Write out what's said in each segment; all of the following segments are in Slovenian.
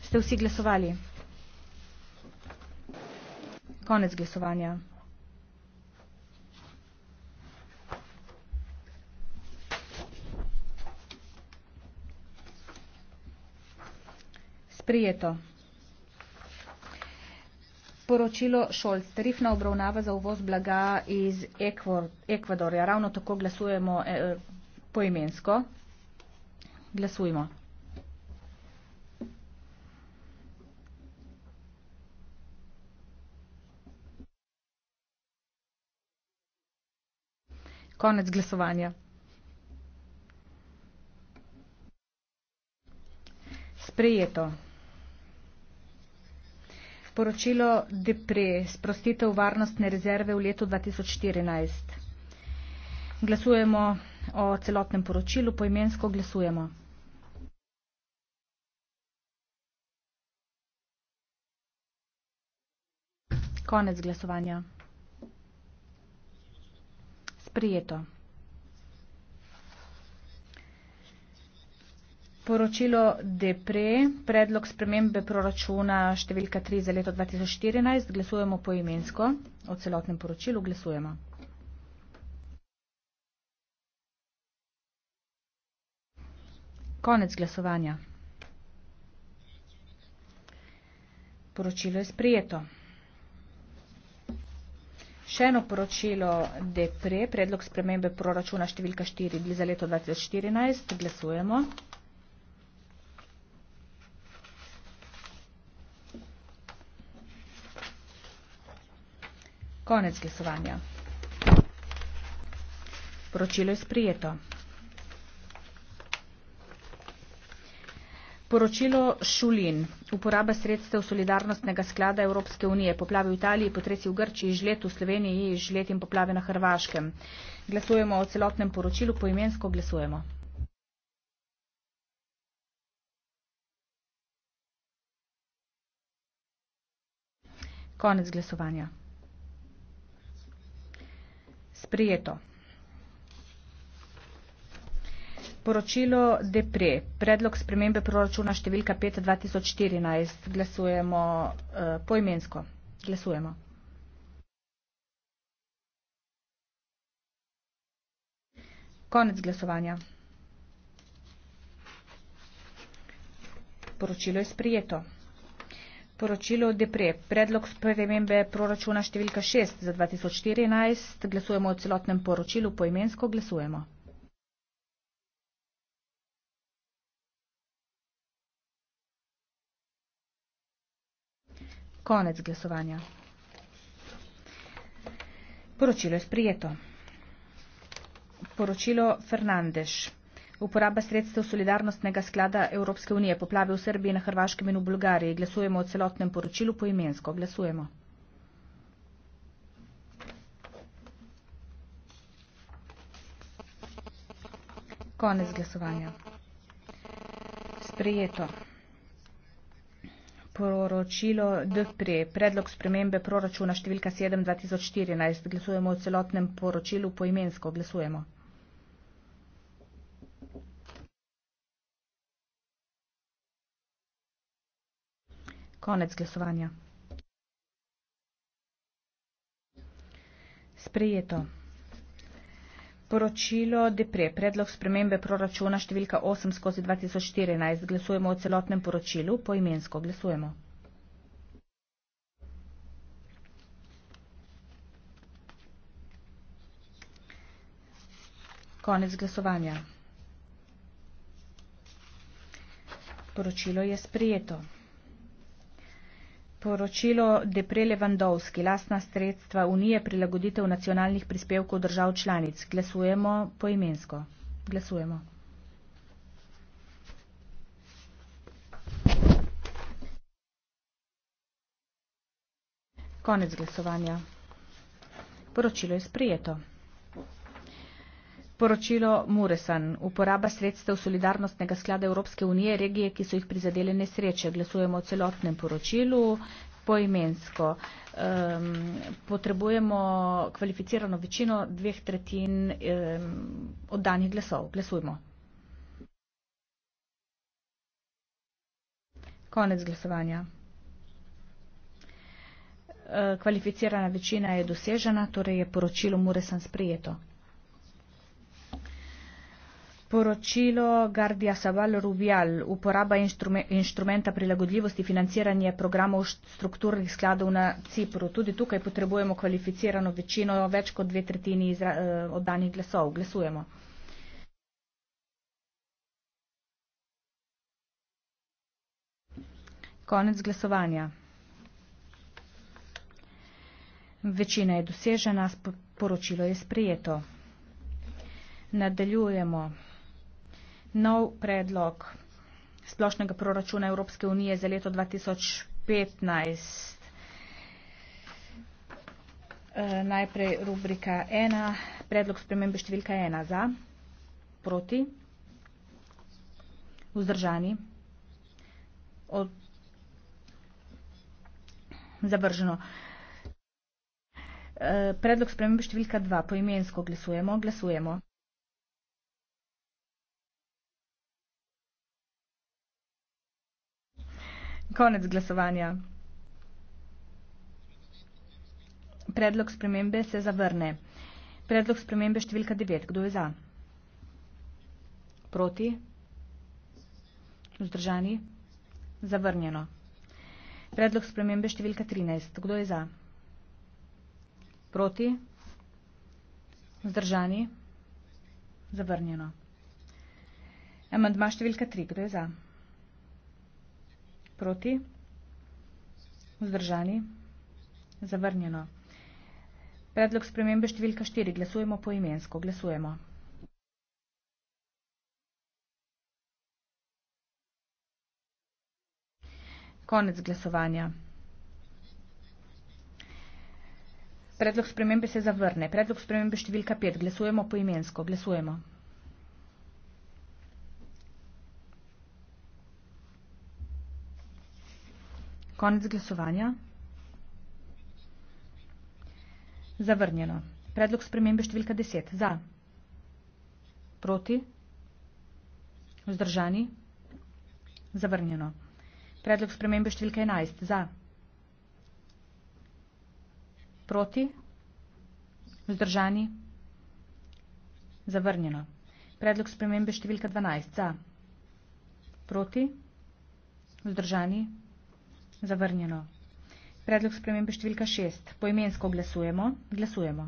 ste vsi glasovali konec glasovanja sprejeto poročilo Šolc. Tarifna obravnava za uvoz blaga iz Ekvadorja. Ravno tako glasujemo eh, poimensko. Glasujmo. konec glasovanja. Sprejeto. Poročilo DEPRE, sprostitev varnostne rezerve v letu 2014. Glasujemo o celotnem poročilu, poimensko glasujemo. Konec glasovanja sprijeto. Poročilo DEPRE, predlog spremembe proračuna številka 3 za leto 2014, glasujemo poimensko. O celotnem poročilu glasujemo. Konec glasovanja. Poročilo je sprijeto. Še eno poročilo DEPRE, predlog spremembe proračuna številka 4 za leto 2014. Glasujemo. Konec glasovanja. Poročilo je sprijeto. Poročilo Šulin. Uporaba sredstev solidarnostnega sklada Evropske unije. Poplave v Italiji, potresi v Grčiji, žlet v Sloveniji, žlet in poplave na Hrvaškem. Glasujemo o celotnem poročilu, poimensko glasujemo. Konec glasovanja. Sprijeto. poročilo DEPRE, predlog spremembe proračuna številka 5.2014. Glasujemo uh, poimensko. Glasujemo. Konec glasovanja. Poročilo je sprijeto. Poročilo DEPRE, predlog spremembe proračuna številka 6 za 2014. Glasujemo o celotnem poročilu, poimensko glasujemo. Konec glasovanja. Poročilo je sprijeto. Poročilo Fernandeš. Uporaba sredstev Solidarnostnega sklada Evropske unije poplave v Srbiji, na Hrvaškem in v Bulgariji. Glasujemo o celotnem poročilu poimensko. Glasujemo. Konec glasovanja. Sprijeto poročilo DPRI, predlog spremembe proračuna številka 7 2014. Glasujemo o celotnem poročilu poimensko. Glasujemo. Konec glasovanja. Sprejeto. Poročilo Depre, predlog spremembe proračuna številka 8 skozi 2014. Glasujemo o celotnem poročilu, poimensko glasujemo. Konec glasovanja. Poročilo je sprijeto. Poročilo Depre Levandovski, lastna sredstva Unije, prilagoditev nacionalnih prispevkov držav članic. Glasujemo poimensko. Glasujemo. Konec glasovanja. Poročilo je sprijeto. Poročilo Muresan. Uporaba sredstev solidarnostnega sklada Evropske unije regije, ki so jih prizadele nesreče. Glasujemo o celotnem poročilu poimensko. Um, potrebujemo kvalificirano večino dveh tretjin um, oddanih glasov. Glasujmo. Konec glasovanja. Kvalificirana večina je dosežena, torej je poročilo Muresan sprejeto. Poročilo Gardija Saval Rubial, uporaba inštrume, inštrumenta prilagodljivosti, financiranje programov strukturnih skladov na Cipru. Tudi tukaj potrebujemo kvalificirano večino, več kot dve tretjini izra, eh, oddanih glasov. Glasujemo. Konec glasovanja. Večina je dosežena, poročilo je sprejeto. Nadaljujemo nov predlog splošnega proračuna Evropske unije za leto 2015. E, najprej rubrika 1, predlog spremembe številka 1 za, proti, vzdržani, od, zavrženo. E, predlog spremembe številka 2, poimensko glasujemo, glasujemo. Konec glasovanja. Predlog spremembe se zavrne. Predlog spremembe številka 9. Kdo je za? Proti? Vzdržani? Zavrnjeno. Predlog spremembe številka 13. Kdo je za? Proti? Vzdržani? Zavrnjeno. Amandma številka 3. Kdo je za? Proti? Vzdržani? Zavrnjeno. Predlog spremembe številka 4. Glasujemo po imensko. Glasujemo. Konec glasovanja. Predlog spremembe se zavrne. Predlog spremembe številka 5. Glasujemo po imensko. Glasujemo. Konec glasovanja. Zavrnjeno. Predlog spremembe številka 10. Za. Proti. Vzdržani. Zavrnjeno. Predlog spremembe številka 11. Za. Proti. Vzdržani. Zavrnjeno. Predlog spremembe številka 12. Za. Proti. Vzdržani. Zavrnjeno. Zavrnjeno. Predlog spremembe številka 6. Poimensko glasujemo. Glasujemo.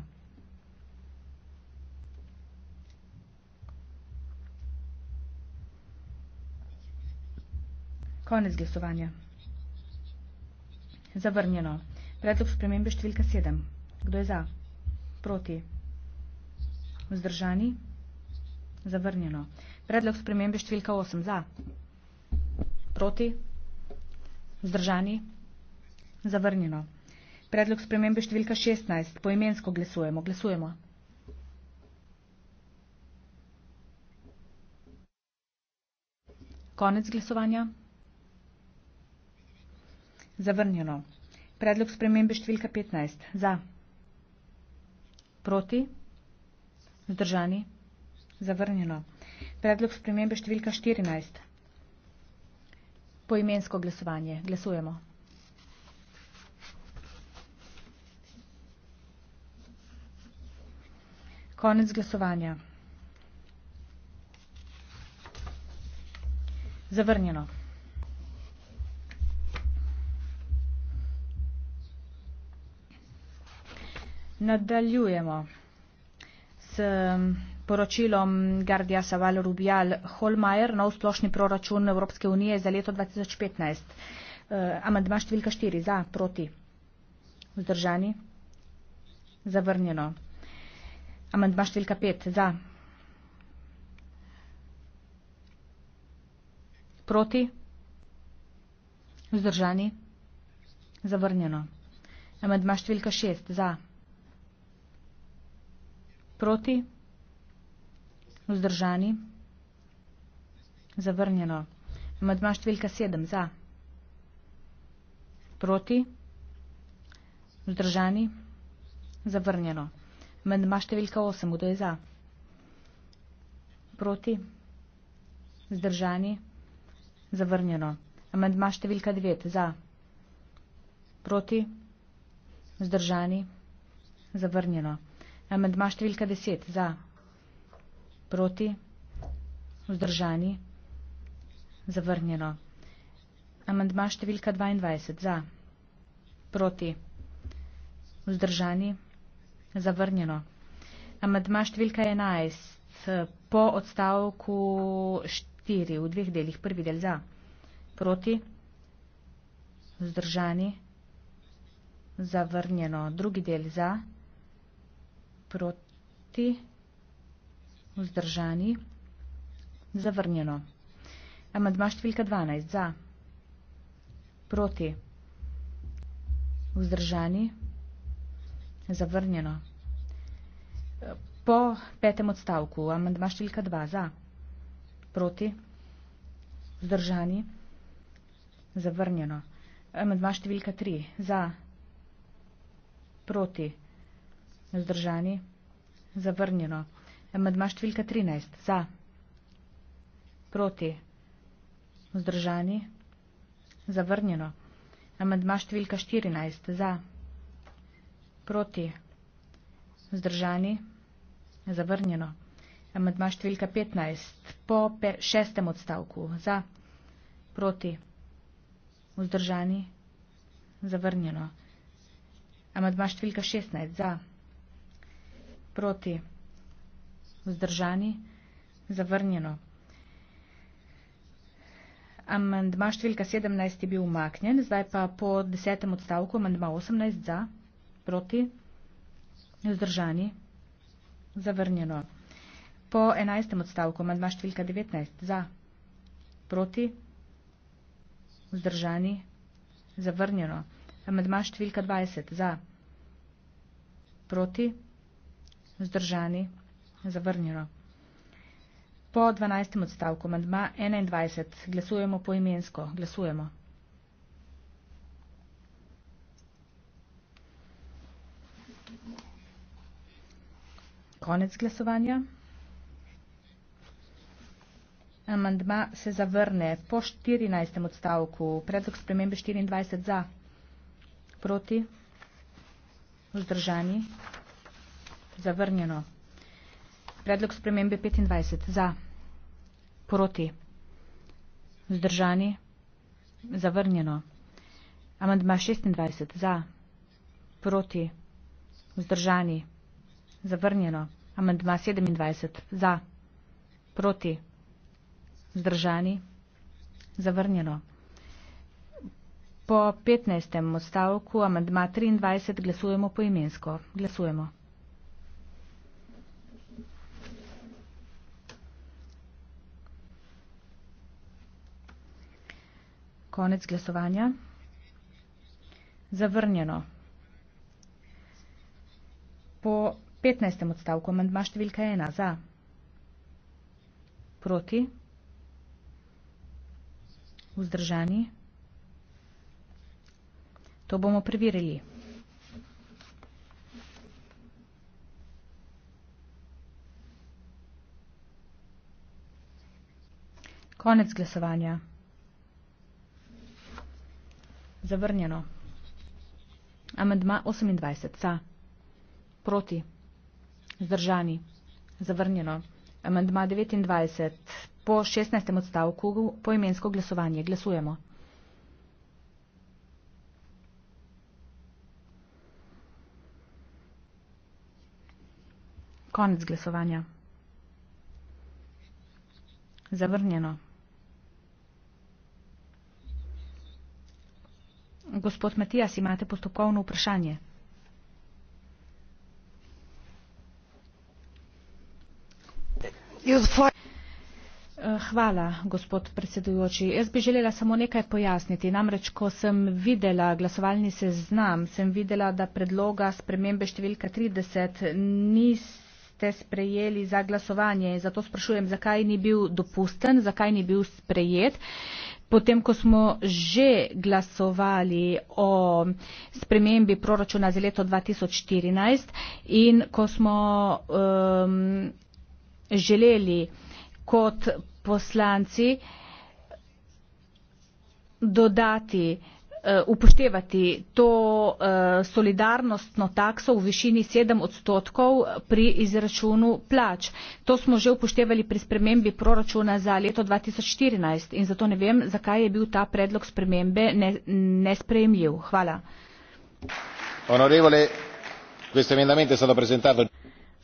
Konec glasovanja. Zavrnjeno. Predlog spremembe številka 7. Kdo je za? Proti. Vzdržani? Zavrnjeno. Predlog spremembe številka 8. Za? Proti? Proti? Zdržani? Zavrnjeno. Predlog spremembe številka 16. Poimensko glasujemo. Glasujemo. Konec glasovanja. Zavrnjeno. Predlog spremembe številka 15. Za. Proti. Zdržani. Zavrnjeno. Predlog spremembe številka 14 poimensko glasovanje. Glasujemo. Konec glasovanja. Zavrnjeno. Nadaljujemo s poročilom Gardija Saval Rubial Holmajer nov splošni proračun Evropske unije za leto 2015. Eh, amandma številka 4 za, proti, vzdržani, zavrnjeno. Amandma številka 5 za, proti, vzdržani, zavrnjeno. Amandma številka 6 za, proti, vzdržani. Vzdržani? Zavrnjeno. Amadma številka 7. Za. Proti? Vzdržani? Zavrnjeno. Amadma številka 8. Kdo je za? Proti? Vzdržani? Zavrnjeno. Amadma številka 9. Za. Proti? Vzdržani? Zavrnjeno. Amadma številka 10. Za. Proti? Vzdržani? Zavrnjeno. Amadma številka 10. Za proti, vzdržani, zavrnjeno. Amandma številka 22, za, proti, vzdržani, zavrnjeno. Amandma številka 11, eh, po odstavku 4, v dveh delih, prvi del za, proti, vzdržani, zavrnjeno, drugi del za, proti, vzdržani. Vzdržani. Zavrnjeno. Amandma številka 12. Za. Proti. Vzdržani. Zavrnjeno. Po petem odstavku. Amandma številka 2. Za. Proti. Vzdržani. Zavrnjeno. Amandma številka 3. Za. Proti. Vzdržani. Zavrnjeno. Zavrnjeno. Amadma številka 13. Za. Proti. Vzdržani. Zavrnjeno. Amadma številka 14. Za. Proti. Vzdržani. Zavrnjeno. Amadma številka 15. Po šestem odstavku. Za. Proti. Vzdržani. Zavrnjeno. Amadma številka 16. Za. Proti. Proti. Vzdržani? Zavrnjeno. Amandma številka 17 je bil umaknjen, zdaj pa po desetem odstavku amandma 18 za, proti, vzdržani, zavrnjeno. Po enajstem odstavku amandma številka 19 za, proti, vzdržani, zavrnjeno. Amandma številka 20 za, proti, vzdržani, zavrnjeno zavrnjeno. Po 12. odstavku mandma 21 glasujemo poimensko. Glasujemo. Konec glasovanja. Amandma se zavrne po 14. odstavku. Predlog spremembe 24 za. Proti. Vzdržani. Zavrnjeno. Predlog spremembe 25. Za. Proti. Zdržani. Zavrnjeno. Amandma 26. Za. Proti. Vzdržani. Zavrnjeno. Amandma 27. Za. Proti. Vzdržani. Zavrnjeno. Po 15. odstavku amandma 23 glasujemo poimensko. Glasujemo. konec glasovanja. Zavrnjeno. Po 15. odstavku amandma številka 1 za. Proti. Vzdržani. To bomo preverili. Konec glasovanja. Zavrnjeno. Amendma 28. Sa. Proti. Zdržani. Zavrnjeno. Amendma 29. Po 16. odstavku poimensko glasovanje. Glasujemo. Konec glasovanja. Zavrnjeno. Gospod Matijas, imate postopkovno vprašanje. Eh, hvala, gospod predsedujoči. Jaz bi želela samo nekaj pojasniti. Namreč, ko sem videla glasovalni seznam, sem videla, da predloga spremembe številka 30 niste ste sprejeli za glasovanje. Zato sprašujem, zakaj ni bil dopusten, zakaj ni bil sprejet. Potem, ko smo že glasovali o spremembi proračuna za leto 2014 in ko smo um, želeli kot poslanci dodati Eh, upoštevati to eh, solidarnostno takso v višini sedem odstotkov pri izračunu plač. To smo že upoštevali pri spremembi proračuna za leto 2014 in zato ne vem, zakaj je bil ta predlog spremembe nesprejemljiv. Hvala. Onorevole, questo emendamento è stato presentato.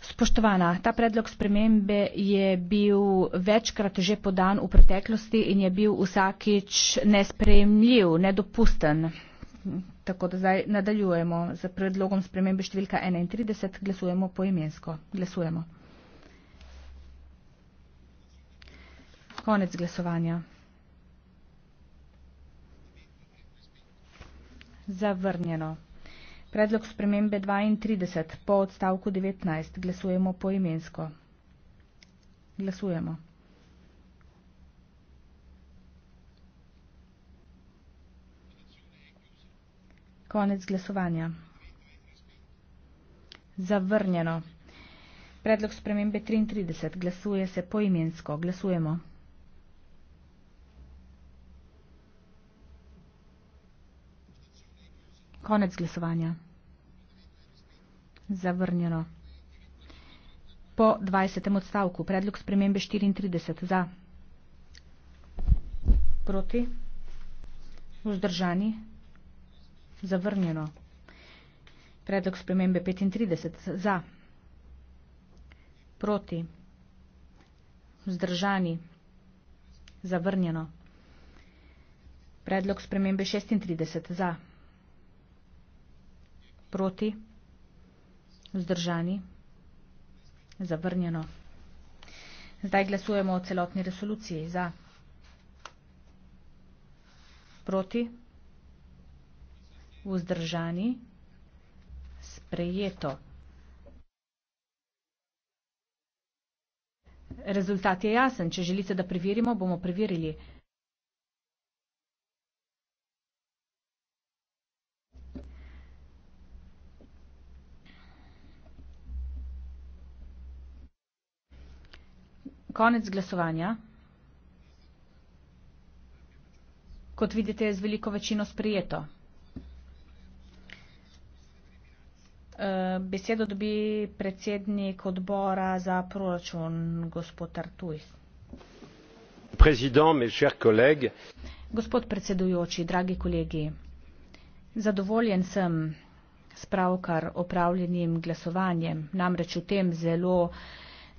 Spoštovana, ta predlog spremembe je bil večkrat že podan v preteklosti in je bil vsakič nespremljiv, nedopusten. Tako da zdaj nadaljujemo z predlogom spremembe številka 31, glasujemo poimensko. Glasujemo. Konec glasovanja. Zavrnjeno. Predlog spremembe 32 po odstavku 19 glasujemo poimensko. Glasujemo. Konec glasovanja. Zavrnjeno. Predlog spremembe 33. Glasuje se poimensko. Glasujemo. Konec glasovanja zavrnjeno. Po 20. odstavku predlog spremembe 34 za proti vzdržani zavrnjeno. Predlog spremembe 35 za proti vzdržani zavrnjeno. Predlog spremembe 36 za proti vzdržani zavrnjeno vzdržani, zavrnjeno. Zdaj glasujemo o celotni resoluciji za, proti, vzdržani, sprejeto. Rezultat je jasen. Če želite, da preverimo, bomo preverili. konec glasovanja. Kot vidite, je z veliko večino sprijeto. E, besedo dobi predsednik odbora za proračun, gospod Artuj. Gospod predsedujoči, dragi kolegi, zadovoljen sem s pravkar opravljenim glasovanjem, namreč v tem zelo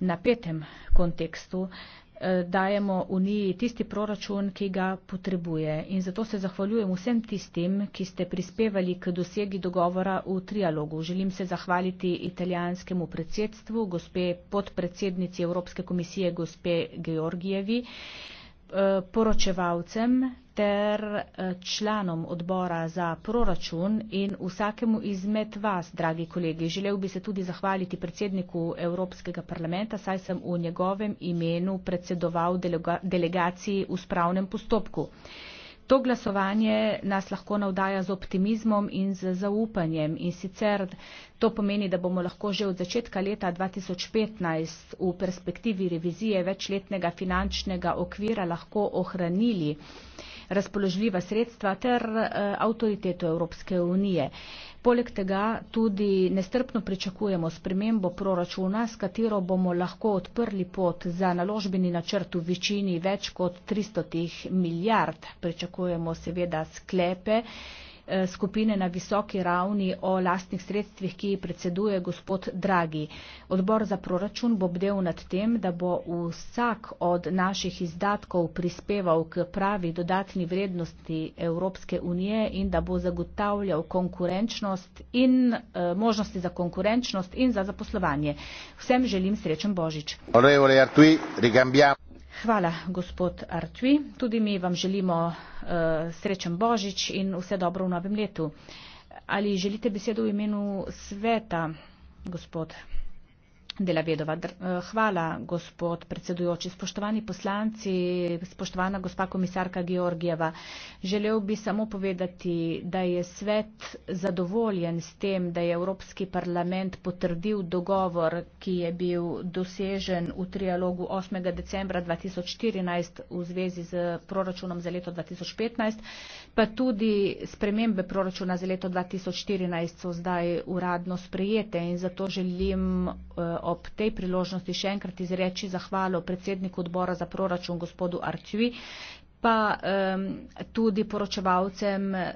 napetem kontekstu eh, dajemo Uniji tisti proračun, ki ga potrebuje. In zato se zahvaljujem vsem tistim, ki ste prispevali k dosegi dogovora v trialogu. Želim se zahvaliti italijanskemu predsedstvu, gospe podpredsednici Evropske komisije, gospe Georgijevi, eh, poročevalcem ter eh, članom odbora za proračun in vsakemu izmed vas, dragi kolegi. Želel bi se tudi zahvaliti predsedniku Evropskega parlamenta, saj sem v njegovem imenu predsedoval delega delegaciji v spravnem postopku. To glasovanje nas lahko navdaja z optimizmom in z zaupanjem in sicer to pomeni, da bomo lahko že od začetka leta 2015 v perspektivi revizije večletnega finančnega okvira lahko ohranili uh, razpoložljiva sredstva ter eh, avtoriteto Evropske unije. Poleg tega tudi nestrpno pričakujemo spremembo proračuna, s katero bomo lahko odprli pot za naložbeni načrt v večini več kot 300 milijard. Pričakujemo seveda sklepe Eh, skupine na visoki ravni o lastnih sredstvih, ki predseduje gospod Dragi. Odbor za proračun bo bdel nad tem, da bo vsak od naših izdatkov prispeval k pravi dodatni vrednosti Evropske unije in da bo zagotavljal konkurenčnost in eh, možnosti za konkurenčnost in za zaposlovanje. Vsem želim srečen Božič. Hvala, gospod Artvi. Tudi mi vam želimo uh, srečen Božič in vse dobro v novem letu. Ali želite besedo v imenu sveta, gospod? Dela Vedova. Eh, hvala, gospod predsedujoči. Spoštovani poslanci, spoštovana gospa komisarka Georgijeva, želel bi samo povedati, da je svet zadovoljen s tem, da je Evropski parlament potrdil dogovor, ki je bil dosežen v trialogu 8. decembra 2014 v zvezi z proračunom za leto 2015, pa tudi spremembe proračuna za leto 2014 so zdaj uradno sprejete in zato želim eh, ob tej priložnosti še enkrat izreči zahvalo predsedniku odbora za proračun gospodu Arčvi pa um, tudi poročevalcem uh,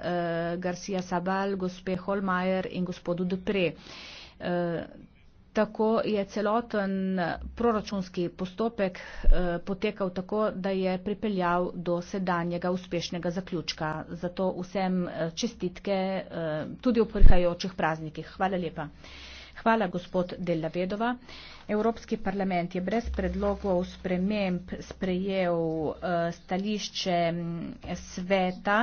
Garcia Sabal, gospe Holmajer in gospodu Dupre. Uh, tako je celoten proračunski postopek uh, potekal tako, da je pripeljal do sedanjega uspešnega zaključka. Zato vsem čestitke uh, tudi v prihajajočih praznikih. Hvala lepa. Hvala, gospod Della Vedova. Evropski parlament je brez predlogov sprememb sprejel eh, stališče mm, sveta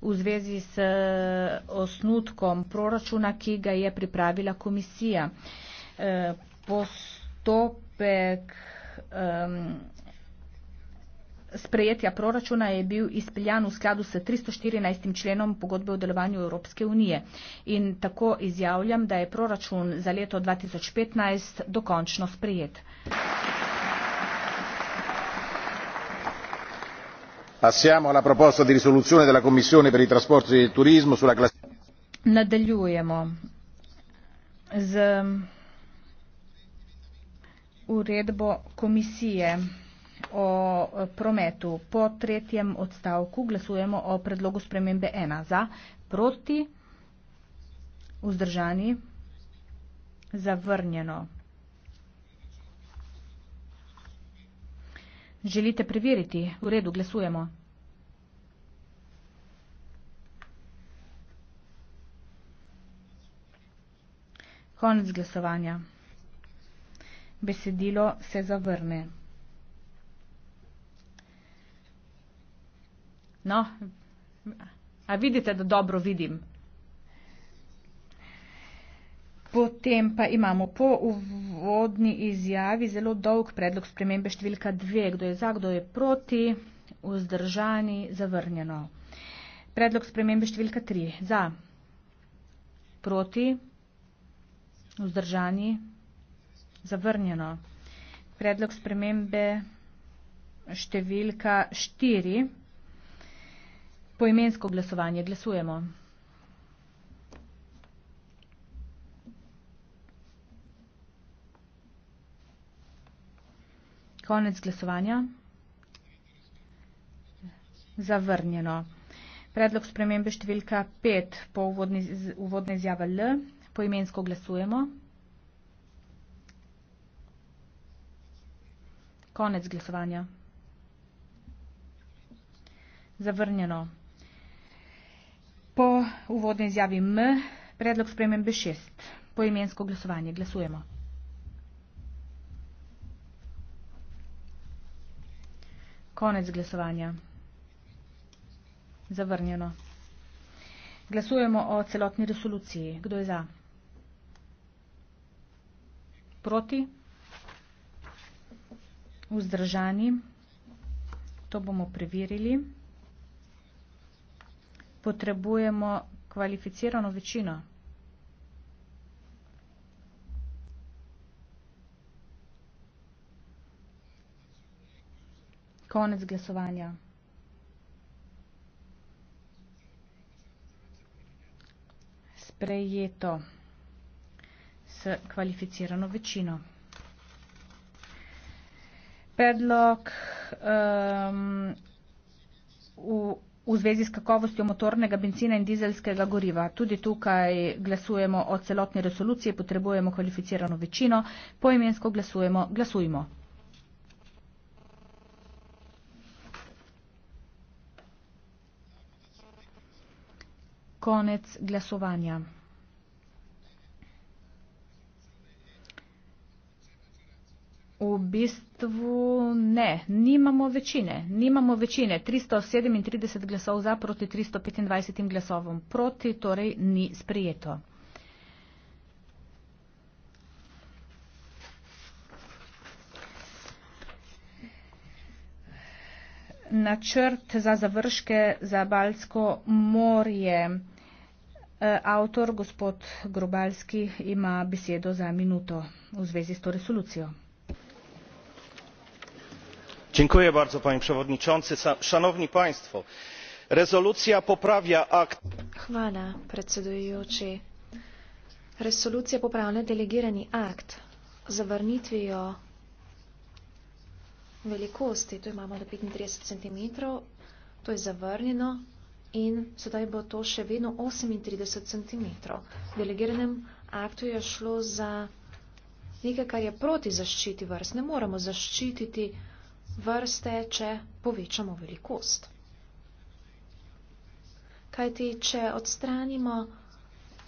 v zvezi s eh, osnutkom proračuna, ki ga je pripravila komisija. Eh, postopek sprejetja proračuna je bil izpeljan v skladu s 314. členom pogodbe o delovanju Evropske unije. In tako izjavljam, da je proračun za leto 2015 dokončno sprejet. Passiamo alla proposta di risoluzione della Commissione per i trasporti e il turismo sulla classificazione. Nadaljujemo z uredbo komisije o prometu. Po tretjem odstavku glasujemo o predlogu spremembe 1. Za, proti, vzdržani, zavrnjeno. Želite preveriti? V redu, glasujemo. Konec glasovanja. Besedilo se zavrne. No, a vidite, da dobro vidim. Potem pa imamo po uvodni izjavi zelo dolg predlog spremembe številka 2. Kdo je za, kdo je proti, vzdržani, zavrnjeno. Predlog spremembe številka 3. Za, proti, vzdržani, zavrnjeno. Predlog spremembe številka 4 poimensko glasovanje glasujemo. Konec glasovanja. Zavrnjeno. Predlog spremembe številka 5 po uvodni, uvodne izjave L. Poimensko glasujemo. Konec glasovanja. Zavrnjeno. Po uvodni izjavi M, predlog spremem B6. Poimensko glasovanje. Glasujemo. Konec glasovanja. Zavrnjeno. Glasujemo o celotni resoluciji. Kdo je za? Proti? Vzdržani? To bomo preverili. Vzdržani? potrebujemo kvalificirano večino. Konec glasovanja. Sprejeto s kvalificirano večino. Predlog um, v v zvezi s kakovostjo motornega benzina in dizelskega goriva. Tudi tukaj glasujemo o celotni resoluciji, potrebujemo kvalificirano večino, poimensko glasujemo, glasujmo. Konec glasovanja. V bistvu ne, nimamo večine. Nimamo večine. 337 glasov za proti 325 glasovom proti, torej ni sprijeto. Načrt za završke za Balsko morje. E, avtor gospod Grobalski ima besedo za minuto v zvezi s to resolucijo panie przewodniczący! szanowni państwo! rezolucja poprawia akt. hvala predsedujoči. resolucija popravlja delegirani akt z zavrnitvijo velikosti tu imamo do petintrideset centimetrov to je zavrnjeno in sedaj bo to še vedno osemintrideset centimetrov. v delegiranem aktu je šlo za nekaj kar je proti zaščiti vrst ne moremo zaščititi vrste, če povečamo velikost. Kajti, če odstranimo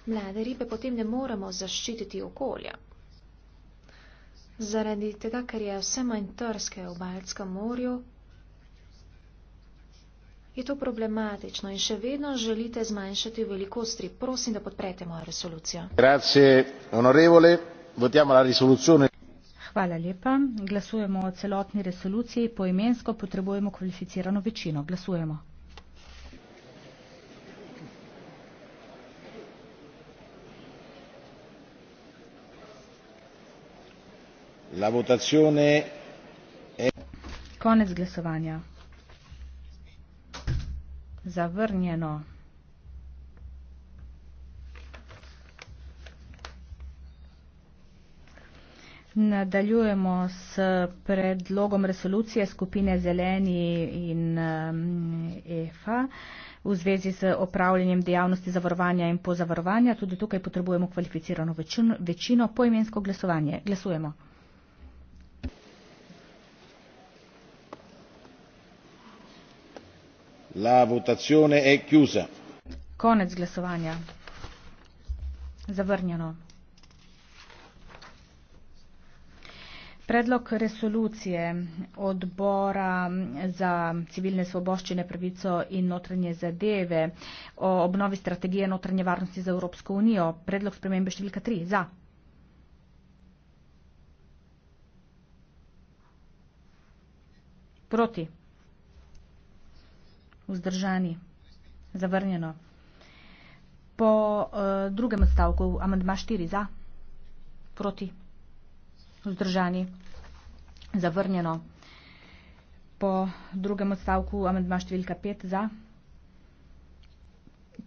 mlade ribe, potem ne moremo zaščititi okolja. Zaradi tega, ker je vse manj trske v Baljskem morju, je to problematično in še vedno želite zmanjšati velikost rib. Prosim, da podprete mojo resolucijo. Grazie, Hvala lepa. Glasujemo o celotni resoluciji. Poimensko potrebujemo kvalificirano večino. Glasujemo. La votazione è... Konec glasovanja. Zavrnjeno. Nadaljujemo s predlogom resolucije skupine Zeleni in um, EFA v zvezi z opravljanjem dejavnosti zavarovanja in pozavarovanja. Tudi tukaj potrebujemo kvalificirano večino, večino poimensko glasovanje. Glasujemo. La votazione è chiusa. Konec glasovanja. Zavrnjeno. Predlog resolucije odbora za civilne svoboščine, pravico in notranje zadeve o obnovi strategije notranje varnosti za Evropsko unijo. Predlog spremembe številka 3. Za. Proti. Vzdržani. Zavrnjeno. Po uh, drugem odstavku amandma 4. Za. Proti vzdržani, zavrnjeno. Po drugem odstavku amandma številka 5 za,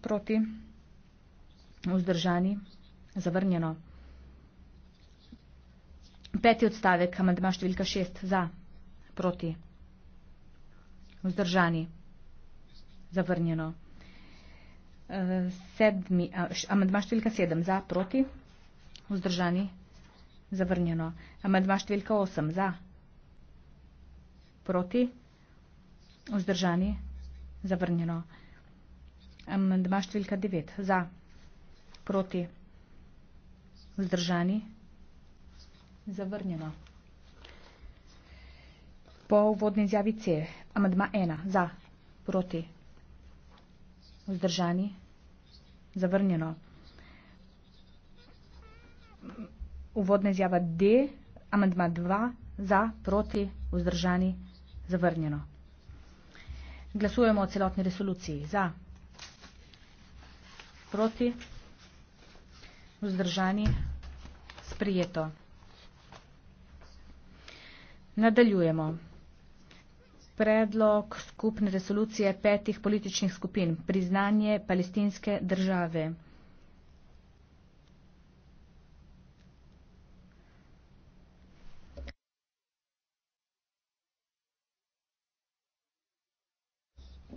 proti, vzdržani, zavrnjeno. Peti odstavek amandma številka 6 za, proti, vzdržani, zavrnjeno. Eh, sedmi, eh, amandma številka 7 za, proti, vzdržani, zavrnjeno. Zavrnjeno. Amedma številka 8. Za. Proti. Vzdržani. Zavrnjeno. Amedma številka 9. Za. Proti. Vzdržani. Zavrnjeno. Po uvodni izjavi C. Amedma 1. Za. Proti. Vzdržani. Zavrnjeno. Zavrnjeno. uvodna izjava D, amandma 2, za, proti, vzdržani, zavrnjeno. Glasujemo o celotni resoluciji. Za, proti, vzdržani, sprijeto. Nadaljujemo. Predlog skupne resolucije petih političnih skupin. Priznanje palestinske države.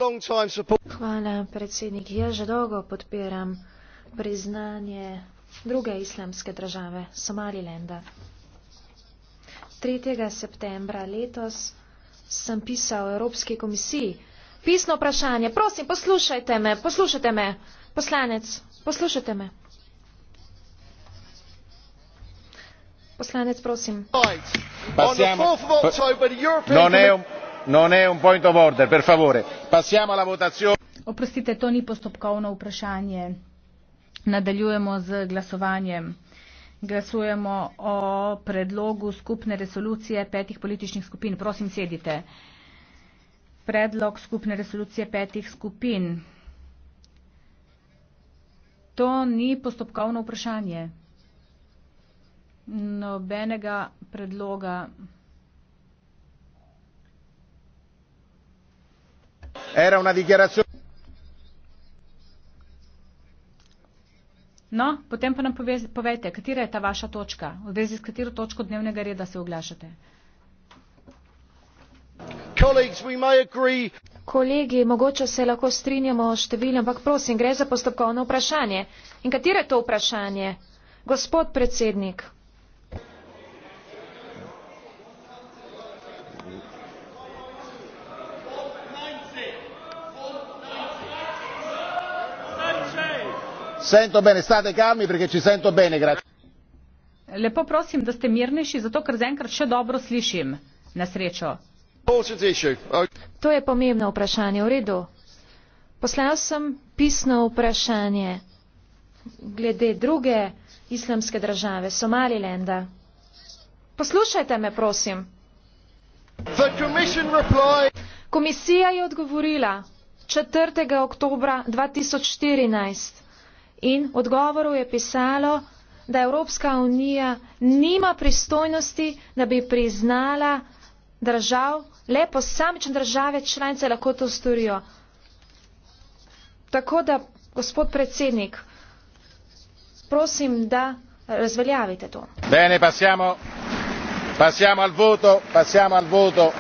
Hvala, predsednik. Ja že dolgo podpiram priznanje druge islamske države, Somalilanda. 3. septembra letos sem pisal Evropski komisiji pisno vprašanje. Prosim, poslušajte me, poslušajte me, poslanec, poslušajte me. Poslanec, prosim. Pasiamo. No, ne, um- non è un point of order per favore passiamo alla votazione. oprostite to ni postopkovno vprašanje nadaljujemo z glasovanjem glasujemo o predlogu skupne resolucije petih političnih skupin prosim sedite predlog skupne resolucije petih skupin to ni postopkovno vprašanje nobenega predloga era una dichiarazione. No, potem pa nam povejte, katera je ta vaša točka, v zvezi s katero točko dnevnega reda se oglašate. Kolegi, mogoče se lahko strinjamo o številnem, ampak prosim, gre za postopkovno vprašanje. In katero je to vprašanje? Gospod predsednik. sento bene state calmi perché ci sento bene grazie Lepo prosim, da ste mirnejši, zato ker zaenkrat še dobro slišim. Na srečo. To je pomembno vprašanje. V redu. Poslal sem pisno vprašanje glede druge islamske države, Somalilenda. Poslušajte me, prosim. Komisija je odgovorila 4. oktobra 2014. In odgovoru je pisalo, da Evropska unija nima pristojnosti, da bi priznala držav, le posamične države članice lahko to storijo. Tako da, gospod predsednik, prosim, da razveljavite to. Bene, pasiamo. Passiamo al voto, passiamo al voto,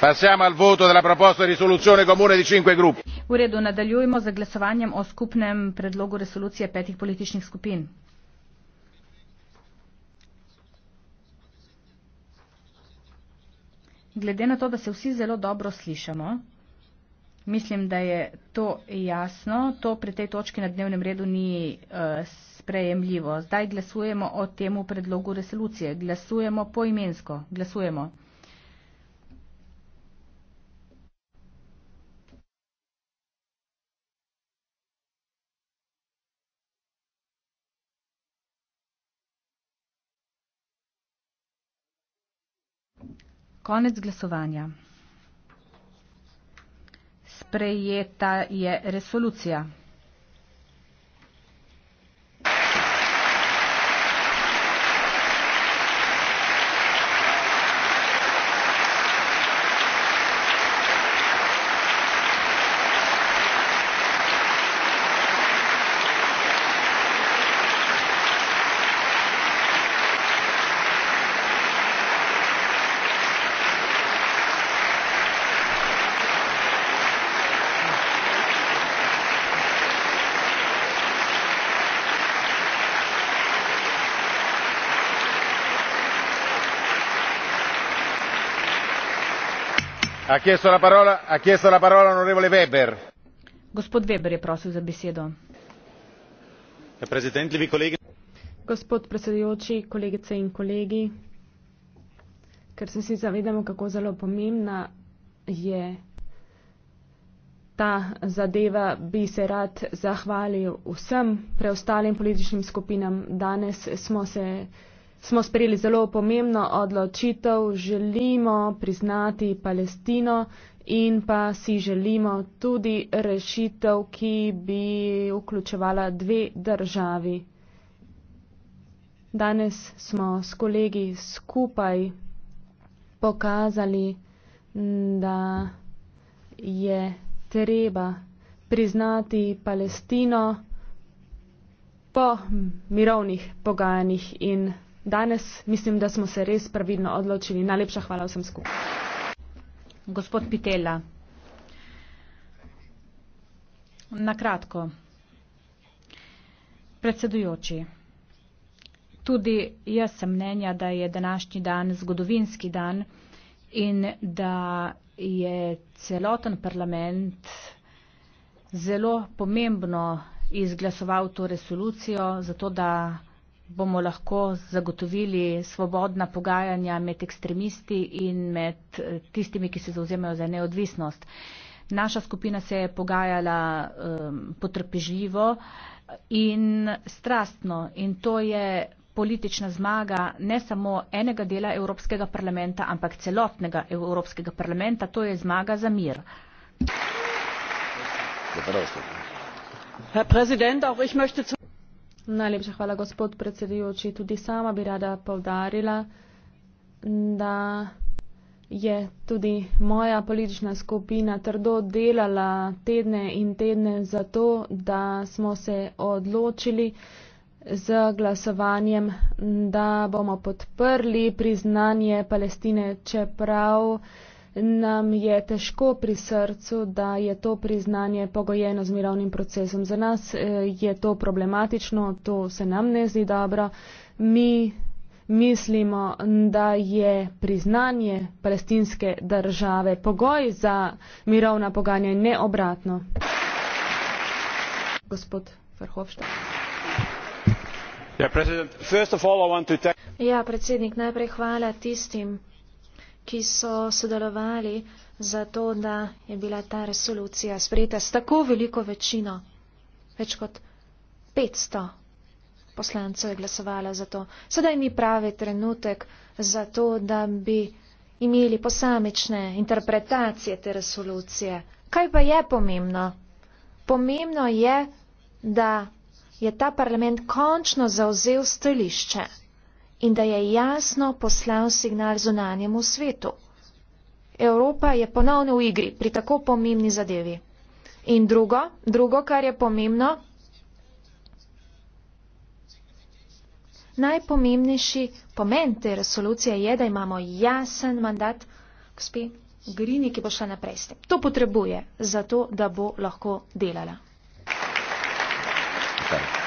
passiamo al voto della proposta di risoluzione comune di cinque gruppi. V redu, nadaljujemo z glasovanjem o skupnem predlogu resolucije petih političnih skupin. Glede na to, da se vsi zelo dobro slišamo, mislim, da je to jasno, to pri tej točki na dnevnem redu ni eh, sprejemljivo. Zdaj glasujemo o temu predlogu resolucije. Glasujemo poimensko. Glasujemo. Konec glasovanja. Sprejeta je resolucija. Ha chiesto la parola, ha chiesto la parola onorevole Weber. Gospod Weber je prosil za besedo. Gospod predsedujoči, kolegice in kolegi, ker se vsi zavedamo, kako zelo pomembna je ta zadeva, bi se rad zahvalil vsem preostalim političnim skupinam. Danes smo se smo sprejeli zelo pomembno odločitev, želimo priznati Palestino in pa si želimo tudi rešitev, ki bi vključevala dve državi. Danes smo s kolegi skupaj pokazali, da je treba priznati Palestino po mirovnih pogajanjih in Danes mislim, da smo se res pravidno odločili. Najlepša hvala vsem skupaj. Gospod Pitela. Nakratko. Predsedujoči. Tudi jaz sem mnenja, da je današnji dan zgodovinski dan in da je celoten parlament zelo pomembno izglasoval to resolucijo, zato da bomo lahko zagotovili svobodna pogajanja med ekstremisti in med eh, tistimi, ki se zauzemajo za neodvisnost. Naša skupina se je pogajala um, potrpežljivo in strastno in to je politična zmaga ne samo enega dela Evropskega parlamenta, ampak celotnega Evropskega parlamenta, to je zmaga za mir. Herr Präsident, auch ich möchte Najlepša hvala, gospod predsedujoči. Tudi sama bi rada povdarila, da je tudi moja politična skupina trdo delala tedne in tedne za to, da smo se odločili z glasovanjem, da bomo podprli priznanje Palestine, čeprav nam je težko pri srcu, da je to priznanje pogojeno z mirovnim procesom. Za nas eh, je to problematično, to se nam ne zdi dobro. Mi mislimo, da je priznanje palestinske države pogoj za mirovna pogajanja in ne obratno. Gospod Verhofštev. Ja, ja, predsednik, najprej hvala tistim, ki so sodelovali za to, da je bila ta resolucija sprejeta s tako veliko večino. Več kot 500 poslancev je glasovalo za to. Sedaj ni pravi trenutek za to, da bi imeli posamične interpretacije te resolucije. Kaj pa je pomembno? Pomembno je, da je ta parlament končno zauzel stališče in da je jasno poslal signal zunanjemu svetu. Evropa je ponovno v igri pri tako pomembni zadevi. In drugo, drugo, kar je pomembno, najpomembnejši pomen te resolucije je, da imamo jasen mandat, gospe Grini, ki bo šla naprej s tem. To potrebuje, zato da bo lahko delala. Okay.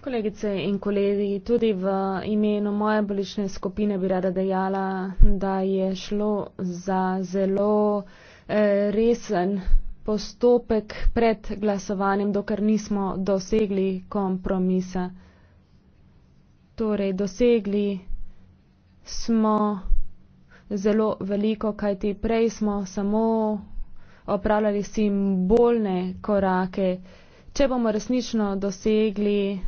kolegice in kolegi tudi v imenu moje politične skupine bi rada dejala da je šlo za zelo eh, resen postopek pred glasovanjem dokler nismo dosegli kompromisa torej dosegli smo zelo veliko kajti prej smo samo opravljali simbolne korake, če bomo resnično dosegli,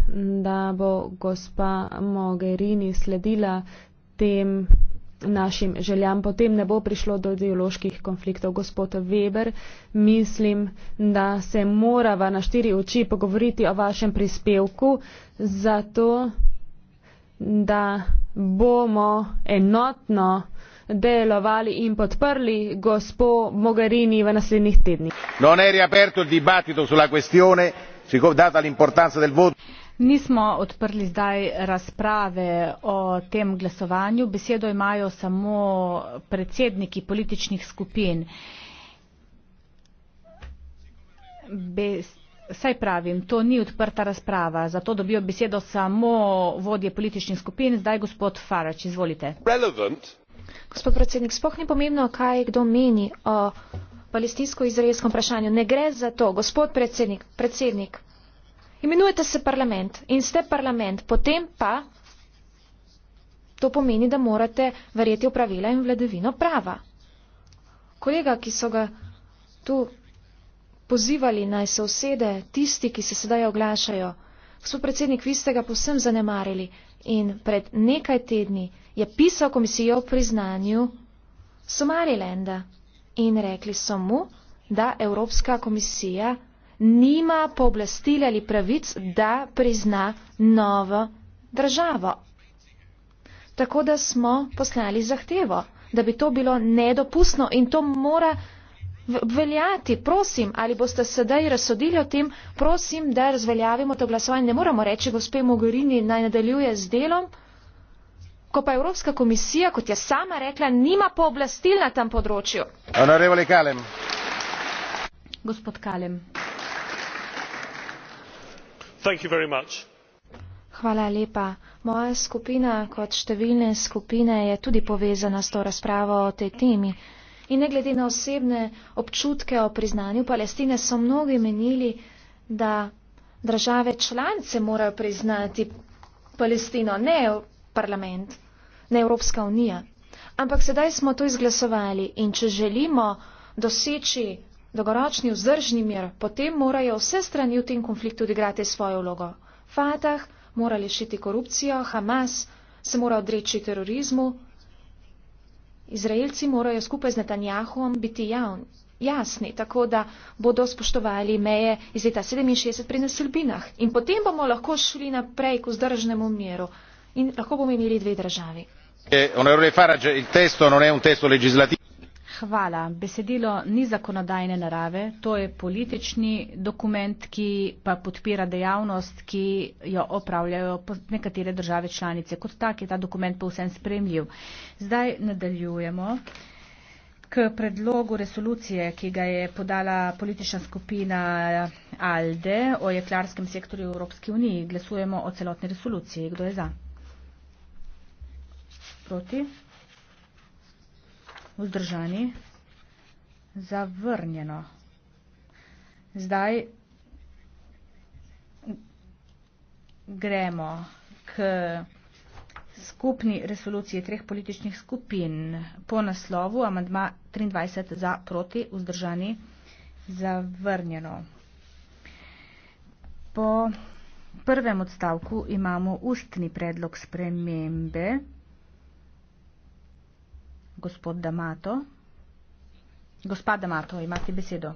da bo gospa Mogherini sledila tem našim željam, potem ne bo prišlo do ideoloških konfliktov. Gospod Weber, mislim, da se morava na štiri oči pogovoriti o vašem prispevku, zato da bomo enotno delovali in podprli gospo mogherini v naslednjih tednih. nismo odprli zdaj razprave o tem glasovanju besedo imajo samo predsedniki političnih skupin. Be, saj pravim to ni odprta razprava zato dobijo besedo samo vodje političnih skupin zdaj gospod farage izvolite. Gospod predsednik, spoh ni pomembno, kaj kdo meni o palestinsko-izraelskem vprašanju. Ne gre za to. Gospod predsednik, predsednik, imenujete se parlament in ste parlament, potem pa to pomeni, da morate verjeti v pravila in vladavino prava. Kolega, ki so ga tu pozivali naj se usede, tisti, ki se sedaj oglašajo, gospod predsednik, vi ste ga povsem zanemarili in pred nekaj tedni je pisal komisijo o priznanju Somalilanda in rekli so mu, da Evropska komisija nima pooblastil ali pravic, da prizna novo državo. Tako da smo poslali zahtevo, da bi to bilo nedopustno in to mora veljati. Prosim, ali boste sedaj razsodili o tem, prosim, da razveljavimo to glasovanje. Ne moramo reči gospe Mogorini naj nadaljuje z delom ko pa evropska komisija kot je sama rekla nima pooblastil na tem področju Kalem. gospod Kalem Thank you very much. Hvala lepa. Moja skupina kot številne skupine je tudi povezana s to razpravo o tej temi. In ne glede na osebne občutke o priznanju Palestine, so mnogi menili, da države članice morajo priznati Palestino, ne parlament, ne Evropska unija. Ampak sedaj smo to izglasovali in če želimo doseči dogoročni vzdržni mir, potem morajo vse strani v tem konfliktu odigrati svojo vlogo. Fatah mora rešiti korupcijo, Hamas se mora odreči terorizmu, Izraelci morajo skupaj z Netanjahom biti javni. Jasni, tako da bodo spoštovali meje iz leta 67 pri nasilbinah. In potem bomo lahko šli naprej k vzdržnemu miru lahko bomo imeli dve državi. Eh, Hvala. Besedilo ni zakonodajne narave, to je politični dokument, ki pa podpira dejavnost, ki jo opravljajo nekatere države članice. Kot tak je ta dokument povsem spremljiv. Zdaj nadaljujemo k predlogu resolucije, ki ga je podala politična skupina ALDE o jeklarskem sektorju Evropske unije. Glasujemo o celotni resoluciji. Kdo je za? proti, vzdržani, zavrnjeno. Zdaj gremo k skupni resoluciji treh političnih skupin po naslovu amandma 23 za proti, vzdržani, zavrnjeno. Po prvem odstavku imamo ustni predlog spremembe gospod Damato. Gospa Damato, imate besedo.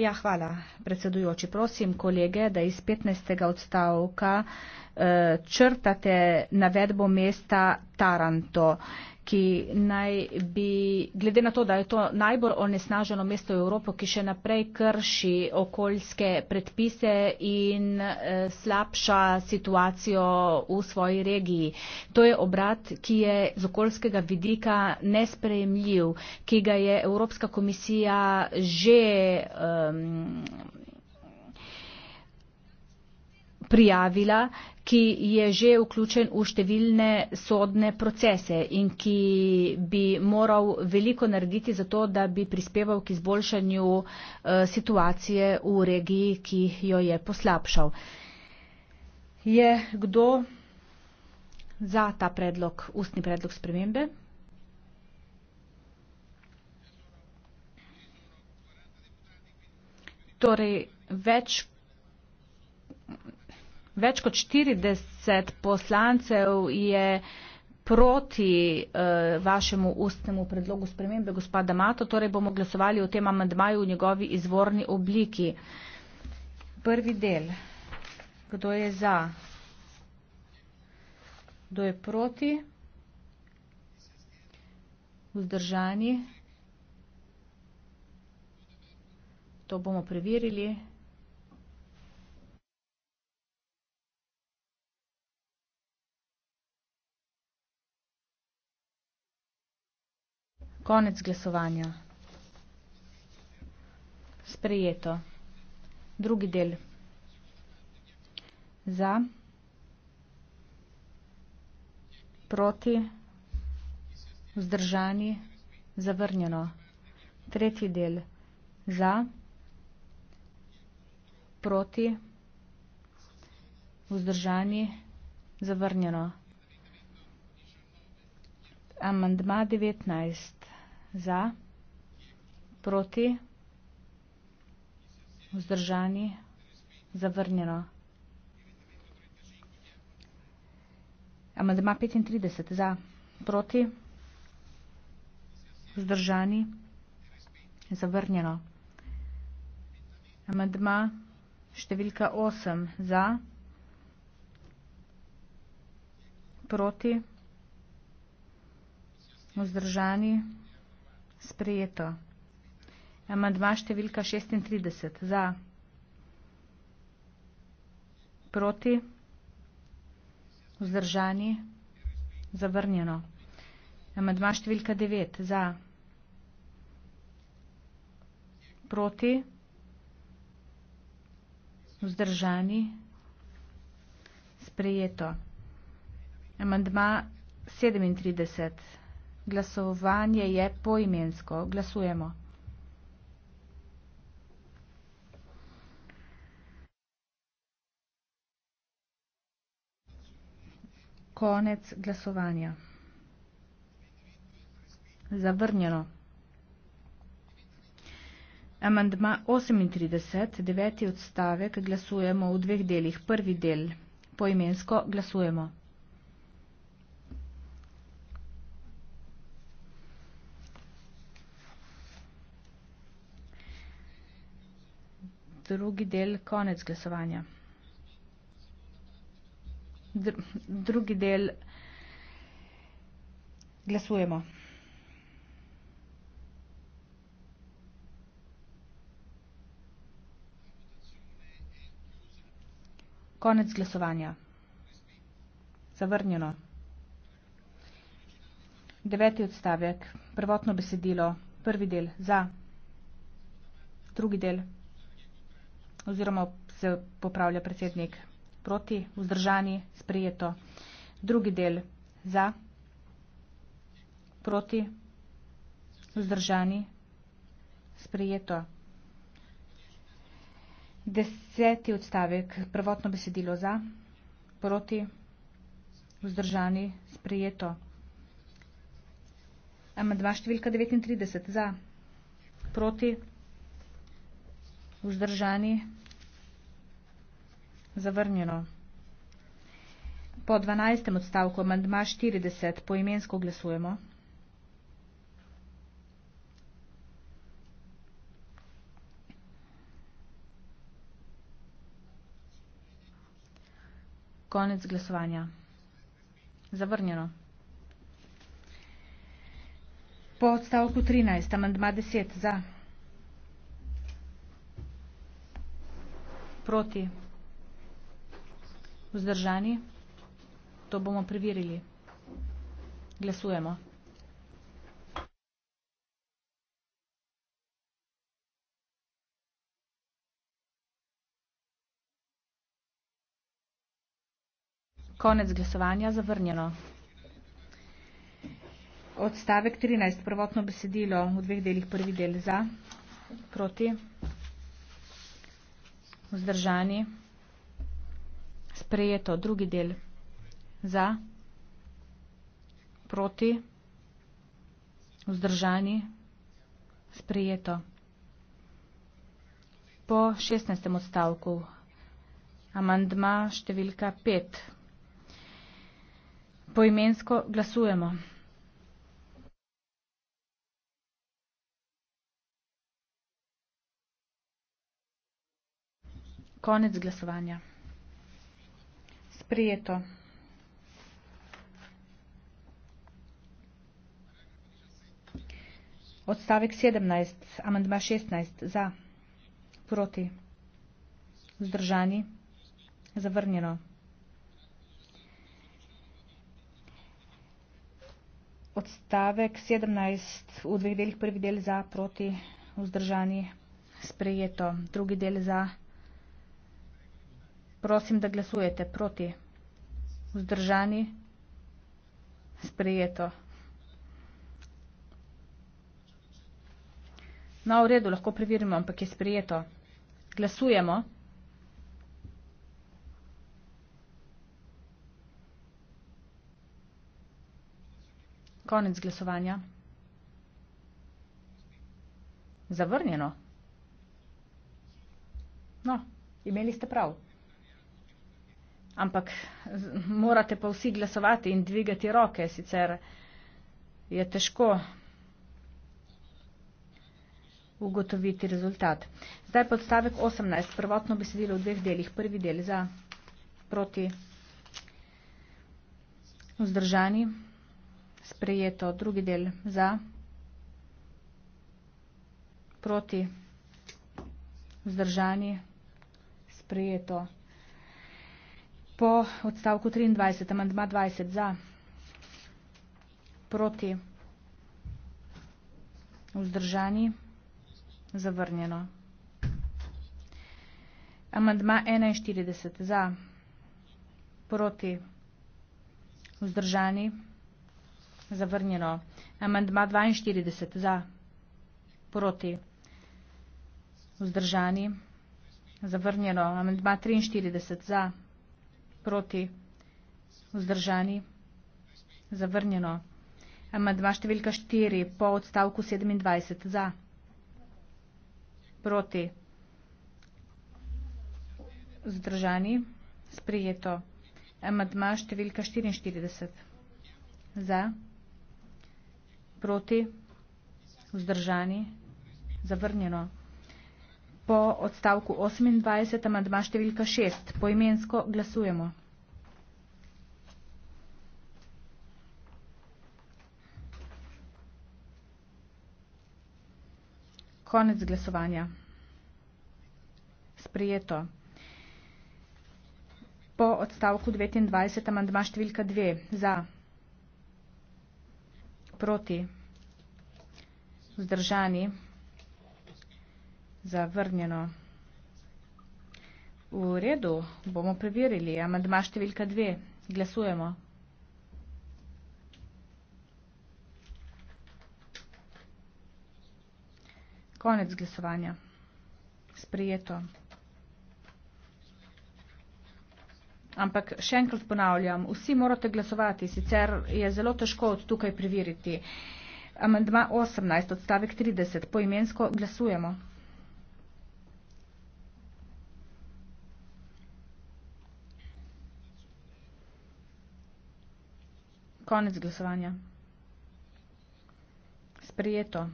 Ja, hvala, predsedujoči. Prosim, kolege, da iz 15. odstavka eh, črtate navedbo mesta Taranto ki naj bi, glede na to, da je to najbolj onesnaženo mesto v Evropo, ki še naprej krši okoljske predpise in eh, slabša situacijo v svoji regiji. To je obrat, ki je z okoljskega vidika nesprejemljiv, ki ga je Evropska komisija že. Um, prijavila, ki je že vključen v številne sodne procese in ki bi moral veliko narediti za to, da bi prispeval k izboljšanju eh, situacije v regiji, ki jo je poslabšal. Je kdo za ta predlog, ustni predlog spremembe? Torej, več Več kot 40 poslancev je proti uh, vašemu ustnemu predlogu spremembe, gospod Damato, torej bomo glasovali o tem amandmaju v njegovi izvorni obliki. Prvi del. Kdo je za? Kdo je proti? Vzdržani? To bomo preverili. Konec glasovanja. Sprejeto. Drugi del. Za. Proti. Vzdržani. Zavrnjeno. Tretji del. Za. Proti. Vzdržani. Zavrnjeno. Amandma 19 za, proti, vzdržani, zavrnjeno. Amandma 35 za, proti, vzdržani, zavrnjeno. Amandma številka 8 za, proti, vzdržani, zavrnjeno. Sprejeto. Amandma številka 36. Za. Proti. Vzdržani. Zavrnjeno. Amandma številka 9. Za. Proti. Vzdržani. Sprejeto. Amandma 37. Amandma 37 glasovanje je poimensko. Glasujemo. Konec glasovanja. Zavrnjeno. Amandma 38, deveti odstavek, glasujemo v dveh delih. Prvi del, poimensko, glasujemo. drugi del konec glasovanja. Dr drugi del glasujemo. Konec glasovanja. Zavrnjeno. Deveti odstavek, prvotno besedilo, prvi del za, drugi del oziroma se popravlja predsednik proti, vzdržani, sprejeto. Drugi del za, proti, vzdržani, sprejeto. Deseti odstavek, prvotno besedilo za, proti, vzdržani, sprejeto. Amandma številka 39 za, proti, vzdržani, sprejeto vzdržani. Zavrnjeno. Po 12. odstavku amandma 40 poimensko glasujemo. Konec glasovanja. Zavrnjeno. Po odstavku 13. Amandma 10 za glasovanje. Proti? Vzdržani? To bomo preverili. Glasujemo. Konec glasovanja zavrnjeno. Odstavek 13, prvotno besedilo v dveh delih, prvi del za, proti vzdržani. Sprejeto drugi del za, proti, vzdržani, sprejeto. Po 16. odstavku amandma številka 5. Poimensko glasujemo. Konec glasovanja. Sprijeto. Odstavek 17, amandma 16, za, proti, vzdržani, zavrnjeno. Odstavek 17, v dveh delih prvi del za, proti, vzdržani, sprejeto, drugi del za, proti prosim, da glasujete proti. Vzdržani. Sprejeto. No, v redu, lahko preverimo, ampak je sprejeto. Glasujemo. Konec glasovanja. Zavrnjeno. No, imeli ste prav ampak morate pa vsi glasovati in dvigati roke, sicer je težko ugotoviti rezultat. Zdaj podstavek 18. Prvotno besedilo v dveh delih. Prvi del za proti vzdržani, sprejeto drugi del za proti vzdržani, sprejeto po odstavku 23, amandma 20 za, proti, vzdržani, zavrnjeno. Amandma 41 za, proti, vzdržani, zavrnjeno. Amandma 42 za, proti, vzdržani, zavrnjeno. Amandma 43 za, proti, vzdržani, zavrnjeno proti, vzdržani, zavrnjeno. Amadma številka 4 po odstavku 27 za, proti, vzdržani, sprijeto. Amadma številka 44 za, proti, vzdržani, zavrnjeno po odstavku 28, amadma številka 6. Poimensko glasujemo. Konec glasovanja. Sprijeto. Po odstavku 29, amadma številka 2. Za. Proti. Vzdržani. Vzdržani. Zavrnjeno. V redu, bomo preverili. Amandma številka dve. Glasujemo. Konec glasovanja. Sprijeto. Ampak še enkrat ponavljam, vsi morate glasovati, sicer je zelo težko od tukaj priviriti. Amandma 18, odstavek 30, poimensko glasujemo. Konec glasovanja. Sprijeto.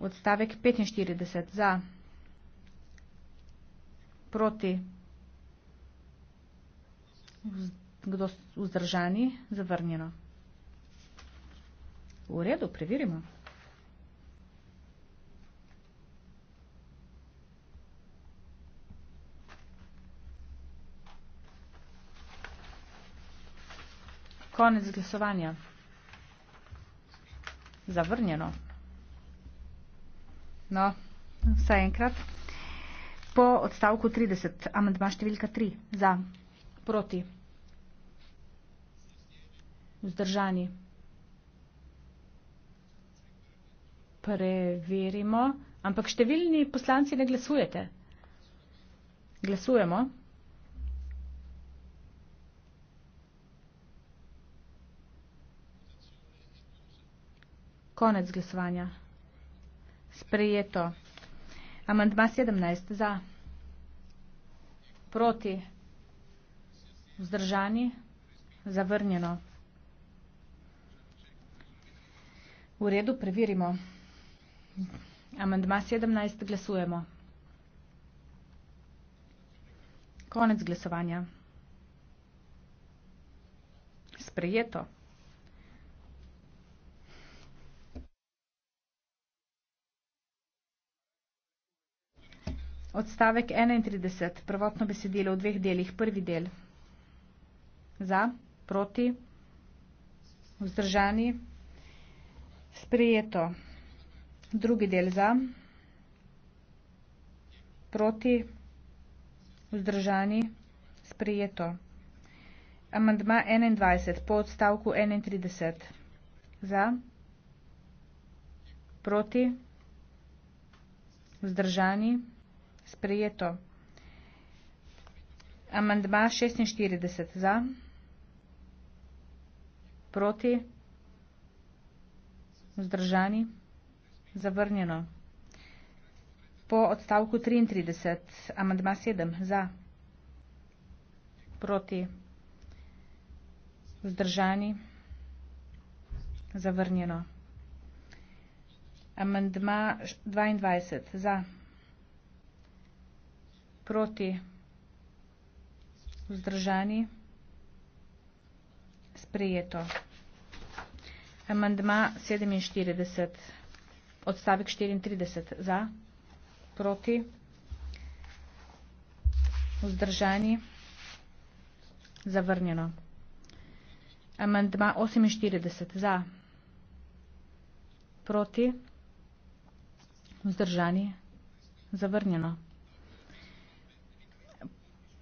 Odstavek 45. Za. Proti. Kdo vzdržani? Zavrnjeno. V redu, preverimo. Konec glasovanja. Zavrnjeno. No, vsaj enkrat. Po odstavku 30, amandma številka 3, za, proti, vzdržani. Preverimo, ampak številni poslanci ne glasujete. Glasujemo. Glasujemo. Konec glasovanja. Sprejeto. Amandma 17 za. Proti. Vzdržani. Zavrnjeno. V redu preverimo. Amandma 17 glasujemo. Konec glasovanja. Sprejeto. Odstavek 31. Prvotno besedilo v dveh delih. Prvi del. Za, proti, vzdržani, sprejeto. Drugi del za, proti, vzdržani, sprejeto. Amandma 21. Po odstavku 31. Za, proti, vzdržani, sprejeto. Sprejeto. Amandma 46 za. Proti. Vzdržani. Zavrnjeno. Po odstavku 33. Amandma 7 za. Proti. Vzdržani. Zavrnjeno. Amandma 22 za. Proti sproti vzdržani, sprejeto. Amandma 47, odstavek 34, za, proti, vzdržani, zavrnjeno. Amandma 48, za, proti, vzdržani, zavrnjeno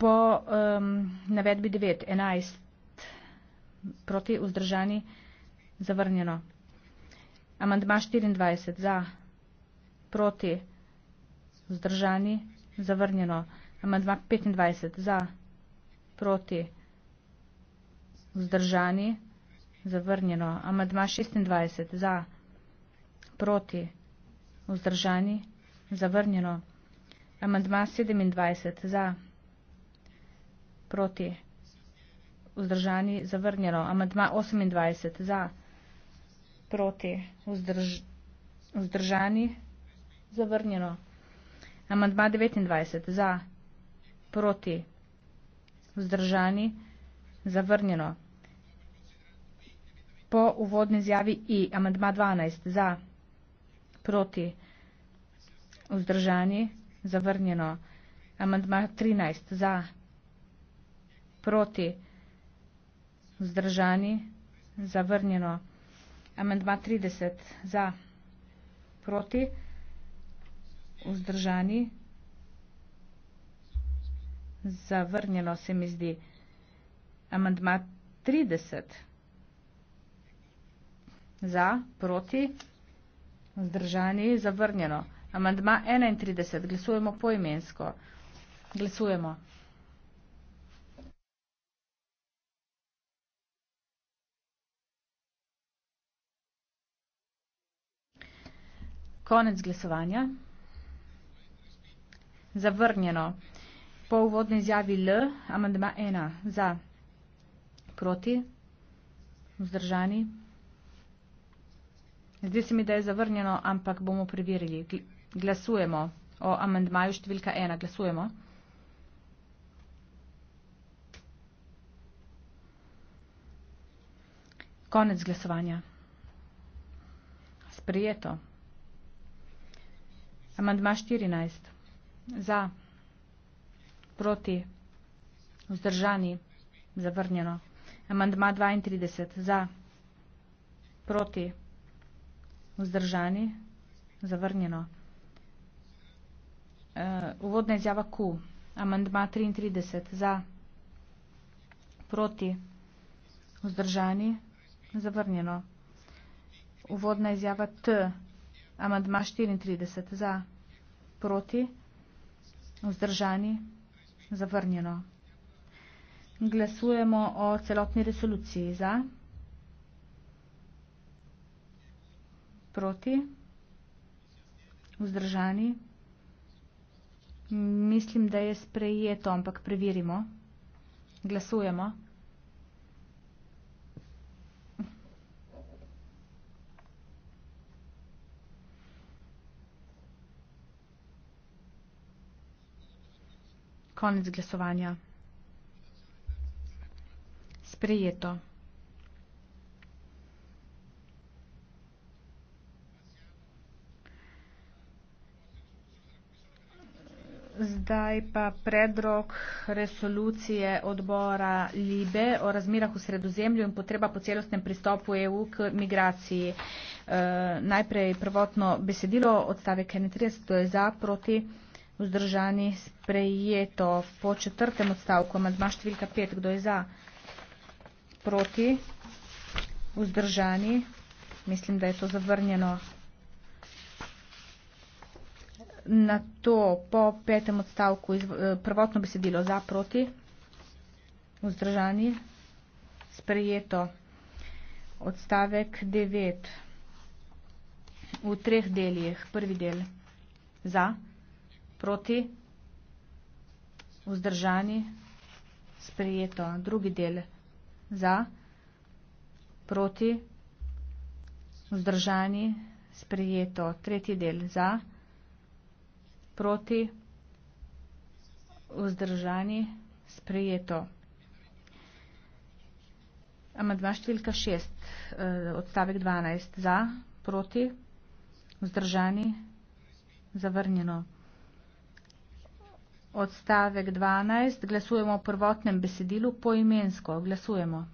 po um, navedbi 9, 11 proti vzdržani zavrnjeno. Amandma 24 za proti vzdržani zavrnjeno. Amandma 25 za proti vzdržani zavrnjeno. Amandma 26 za proti vzdržani zavrnjeno. Amandma 27 za proti vzdržani zavrnjeno proti. Vzdržani zavrnjeno. Amandma 28 za proti. Vzdrž, vzdržani zavrnjeno. Amandma 29 za proti. Vzdržani zavrnjeno. Po uvodni izjavi i amandma 12 za proti. Vzdržani zavrnjeno. Amandma 13 za proti proti, vzdržani, zavrnjeno. Amendma 30 za, proti, vzdržani, zavrnjeno se mi zdi. Amendma 30 za, proti, vzdržani, zavrnjeno. Amendma 31, glasujemo poimensko. Glasujemo. Konec glasovanja. Zavrnjeno. Po uvodni izjavi L, amandma 1 za proti, vzdržani. Zdi se mi, da je zavrnjeno, ampak bomo preverili. Glasujemo o amandmaju številka 1. Glasujemo. Konec glasovanja. Sprijeto. Amandma 14. Za, proti, vzdržani, zavrnjeno. Amandma 32. Za, proti, vzdržani, zavrnjeno. Uh, uvodna izjava Q. Amandma 33. Za, proti, vzdržani, zavrnjeno. Uvodna izjava T. Amandma 34 za, proti, vzdržani, zavrnjeno. Glasujemo o celotni resoluciji za, proti, vzdržani. Mislim, da je sprejeto, ampak preverimo. Glasujemo. Glasujemo. Konec glasovanja. Sprejeto. Zdaj pa predrok resolucije odbora Libe o razmirah v sredozemlju in potreba po celostnem pristopu EU k migraciji. E, najprej prvotno besedilo odstavek 31, to je za proti vzdržani sprejeto po četrtem odstavku. Amadma številka 5. Kdo je za? Proti? Vzdržani? Mislim, da je to zavrnjeno. Na to po petem odstavku eh, prvotno besedilo za proti, vzdržani, sprejeto odstavek 9 v treh delih. Prvi del za, proti, vzdržani, sprejeto, drugi del za, proti, vzdržani, sprejeto, tretji del za, proti, vzdržani, sprejeto. Amadva številka 6, eh, odstavek 12, za, proti, vzdržani, zavrnjeno odstavek 12, glasujemo o prvotnem besedilu poimensko, glasujemo.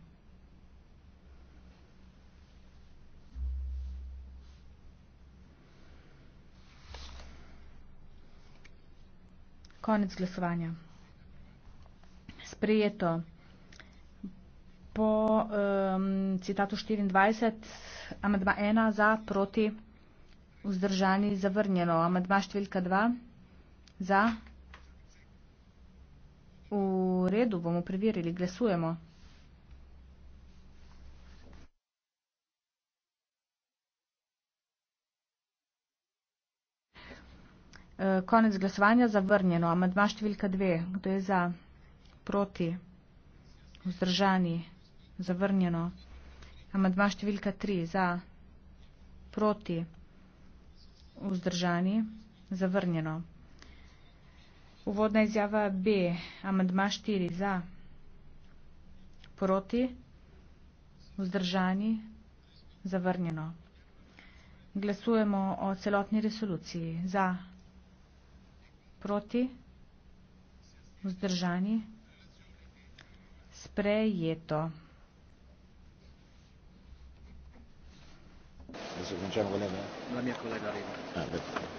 Konec glasovanja. Sprejeto. Po um, citatu 24, amadma 1 za, proti, vzdržani, zavrnjeno. Amadma številka 2 za, V redu, bomo preverili, glasujemo. E, konec glasovanja zavrnjeno. Amadma številka dve. Kdo je za? Proti. Vzdržani. Zavrnjeno. Amadma številka tri. Za. Proti. Vzdržani. Zavrnjeno. Uvodna izjava B. Amandma 4 za. Proti. Vzdržani. Zavrnjeno. Glasujemo o celotni resoluciji. Za. Proti. Vzdržani. Sprejeto. Da se končamo, kolega. Nam je kolega Rima.